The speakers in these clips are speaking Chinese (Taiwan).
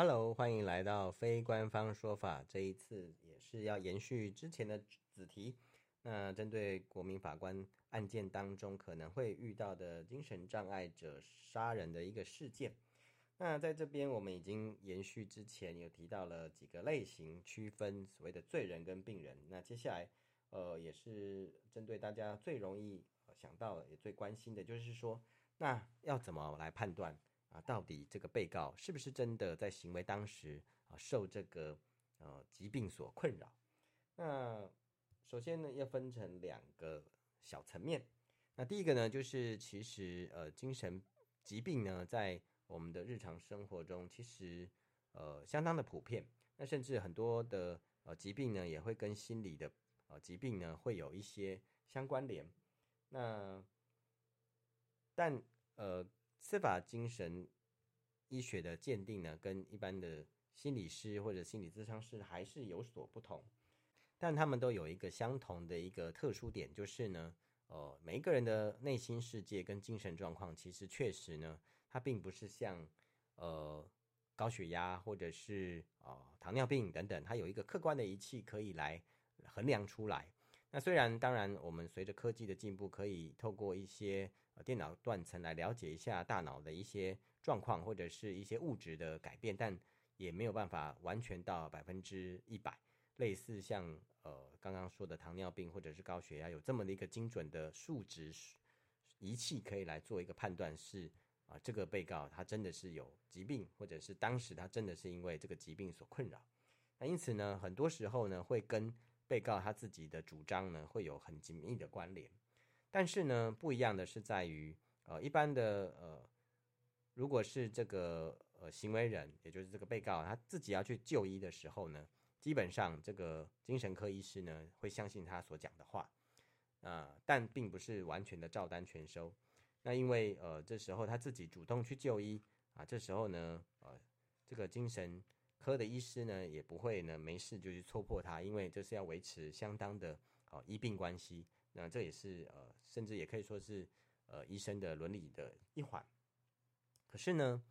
Hello，歡迎來到非官方說法。這一次也是要延續之前的子題，那針對國民法官案件當中可能會遇到的精神障礙者殺人的一個事件，那在這邊我們已經延續之前有提到了幾個類型區分所謂的罪人跟病人。那接下來，呃，也是針對大家最容易想到的也最關心的，就是說，那要怎麼來判斷？啊，到底這個被告是不是真的在行為當時啊，呃，受這個呃疾病所困擾？那首先呢，要分成兩個小層面。那第一個呢，就是其實呃精神疾病呢，在我們的日常生活中，其實呃相當的普遍。那甚至很多的呃疾病呢，也會跟心理的呃疾病呢，會有一些相關聯。那但呃。司法精神醫學的鑑定呢，跟一般的心理師或者心理諮商師還是有所不同，但他們都有一個相同的一個特殊點，就是呢，呃，每一個人的內心世界跟精神狀況，其實確實呢，它並不是像呃高血壓或者是呃糖尿病等等，它有一個客觀的儀器可以來衡量出來。那雖然當然，我們隨着科技的進步，可以透過一些。電腦斷層來了解一下大腦的一些狀況，或者是一些物質的改變，但也沒有辦法完全到百分之一百。類似像呃剛剛說的糖尿病或者是高血壓，有這麼的一個精準的數值儀器可以來做一個判斷，是啊，這個被告他真的是有疾病，或者是當時他真的是因為這個疾病所困擾。那因此呢，很多時候呢會跟被告他自己的主張呢會有很緊密的關聯。但是呢，不一樣的是在於，呃，一般的，呃，如果是這個呃行為人，也就是這個被告，他自己要去就醫的時候呢，基本上這個精神科醫師呢會相信他所講的話，啊、呃，但並不是完全的照單全收。那因為呃這時候他自己主動去就醫啊，這時候呢，呃，這個精神科的醫師呢也不會呢沒事就去戳破他，因為這是要維持相當的啊、呃，醫病關係。那這也是呃，甚至也可以說是呃，醫生的倫理的一環。可是呢，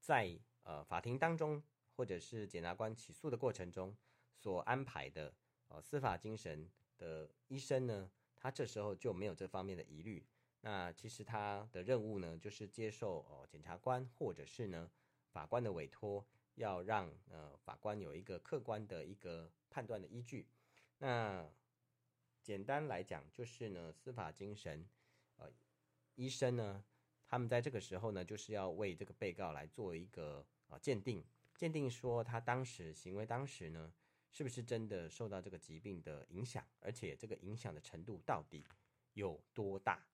在呃法庭當中，或者是檢察官起訴的過程中所安排的呃司法精神的醫生呢，他這時候就沒有這方面的疑慮。那其實他的任務呢，就是接受呃檢察官或者是呢法官的委託，要讓呃法官有一個客觀的一個判斷的依據。那簡單來講，就是呢，司法精神，呃，醫生呢，他們在這個時候呢，就是要為這個被告來做一個呃鑑定，鑑定說他當時行為當時呢，是不是真的受到這個疾病的影響，而且這個影響的程度到底有多大？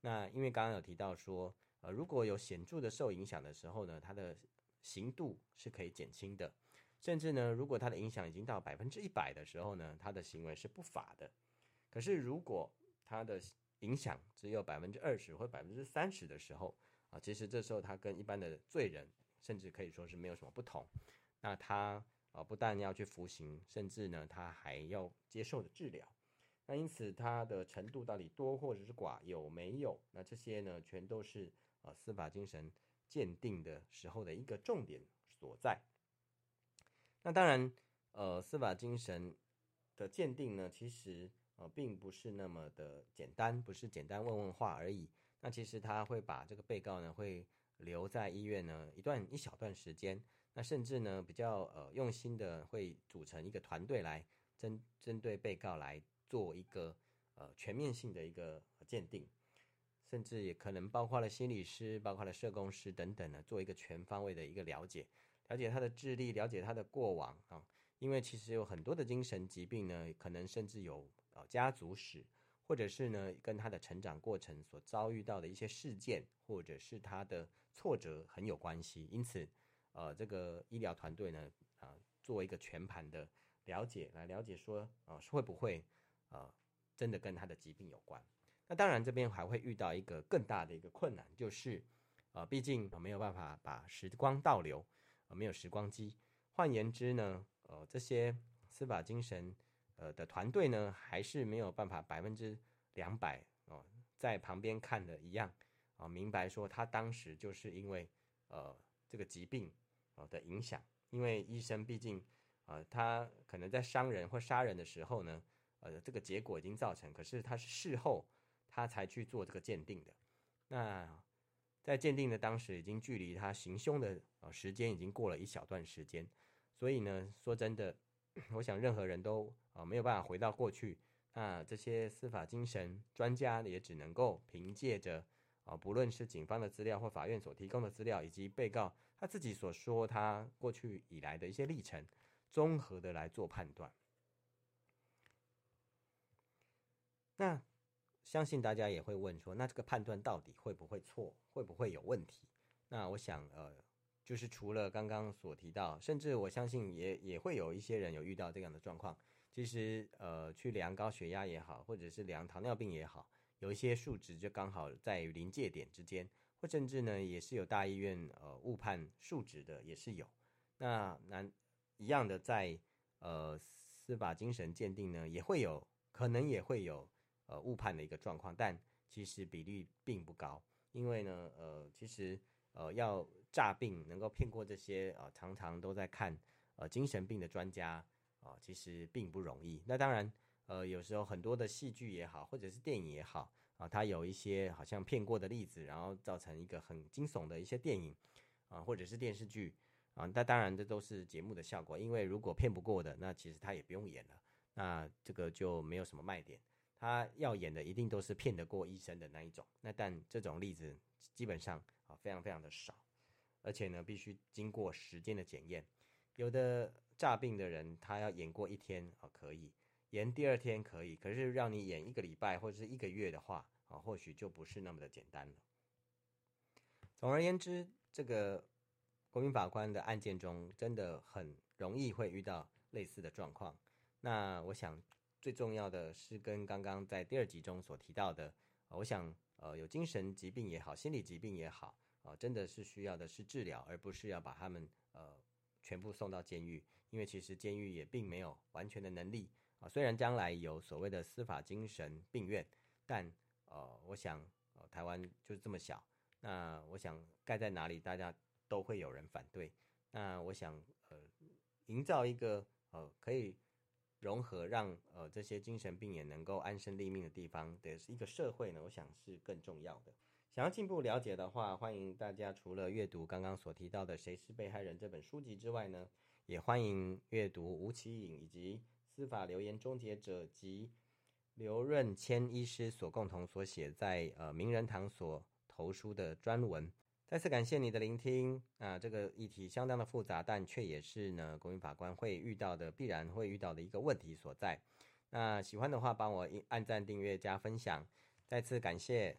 那因為剛剛有提到說，呃，如果有顯著的受影響的時候呢，他的刑度是可以減輕的，甚至呢，如果他的影響已經到百分之一百的時候呢，他的行為是不法的。可是，如果他的影響只有百分之二十或百分之三十的時候，啊、呃，其實這時候他跟一般的罪人，甚至可以說是沒有什麼不同。那他，啊、呃，不但要去服刑，甚至呢，他還要接受的治療。那因此，他的程度到底多或者是寡，有沒有？那這些呢，全都是呃司法精神鑑定的時候的一個重點所在。那當然，呃，司法精神。的鑑定呢，其實呃並不是那麼的簡單，不是簡單問問話而已。那其實他會把這個被告呢，會留在醫院呢一段一小段時間。那甚至呢，比較呃用心的會組成一個團隊來針針對被告來做一個呃全面性的一個鑑定，甚至也可能包括了心理師、包括了社工師等等呢，做一個全方位的一個了解，了解他的智力，了解他的過往啊。因為其實有很多的精神疾病呢，可能甚至有呃家族史，或者是呢跟他的成長過程所遭遇到的一些事件，或者是他的挫折很有關係。因此，呃，這個醫療團隊呢，啊、呃，做一個全盤的了解，來了解說，啊、呃，會不會，啊、呃、真的跟他的疾病有關？那當然，這邊還會遇到一個更大的一個困難，就是，呃，畢竟我沒有辦法把時光倒流，呃，沒有時光機。換言之呢。呃，這些司法精神，呃的團隊呢，還是沒有辦法百分之兩百哦，在旁邊看的一樣啊，呃，明白說他當時就是因為呃這個疾病啊，呃，的影響，因為醫生畢竟呃他可能在傷人或殺人的時候呢，呃這個結果已經造成，可是他是事後他才去做這個鑑定的，那在鑑定的當時，已經距離他行凶的呃時間已經過了一小段時間。所以呢，說真的，我想任何人都啊、呃、沒有辦法回到過去。那、呃、這些司法精神專家也只能夠憑借着啊、呃，不論是警方的資料或法院所提供的資料，以及被告他自己所說他過去以來的一些歷程，綜合的來做判斷。那相信大家也會問說，那這個判斷到底會不會錯，會不會有問題？那我想，呃。就是除了剛剛所提到，甚至我相信也也會有一些人有遇到這樣的狀況。其實，呃，去量高血壓也好，或者是量糖尿病也好，有一些數值就剛好在臨界點之間，或甚至呢也是有大醫院呃誤判數值的，也是有。那那一樣的在呃司法精神鑑定呢，也會有，可能也會有呃誤判的一個狀況，但其實比例並不高，因為呢，呃，其實。呃，要詐病能夠騙過這些呃，常常都在看呃精神病的專家啊、呃，其實並不容易。那當然，呃，有時候很多的戲劇也好，或者是電影也好啊，它、呃、有一些好像騙過的例子，然後造成一個很驚悚的一些電影啊、呃，或者是電視劇啊。那、呃、當然，這都是節目的效果，因為如果騙不過的，那其實他也不用演了，那這個就沒有什麼賣點。他要演的一定都是騙得過醫生的那一種。那但這種例子基本上非常非常的少，而且呢，必須經過時間的檢驗。有的詐病的人，他要演過一天啊、哦，可以演第二天可以，可是讓你演一個禮拜或者是一個月的話啊、哦，或許就不是那麼的簡單了。總而言之，這個國民法官的案件中，真的很容易會遇到類似的狀況。那我想最重要的是跟剛剛在第二集中所提到的，哦、我想呃，有精神疾病也好，心理疾病也好。啊，真的是需要的是治療，而不是要把他們呃全部送到監獄，因為其實監獄也並沒有完全的能力啊、呃。雖然將來有所謂的司法精神病院，但呃，我想、呃、台灣就是這麼小，那我想蓋在哪裡，大家都會有人反對。那我想呃，營造一個呃可以融合，讓呃這些精神病也能夠安身立命的地方的一個社會呢，我想是更重要的。想要進一步了解的話，歡迎大家除了閱讀剛剛所提到的《誰是被害人》這本書籍之外呢，也歡迎閱讀吳奇穎以及司法留言終結者及劉潤謙醫師所共同所寫在呃名人堂所投書的專文。再次感謝你的聆聽啊，呃，這個議題相當的複雜，但卻也是呢，國民法官會遇到的必然會遇到的一個問題所在。那喜歡的話，幫我按讚、訂閱、加分享。再次感謝。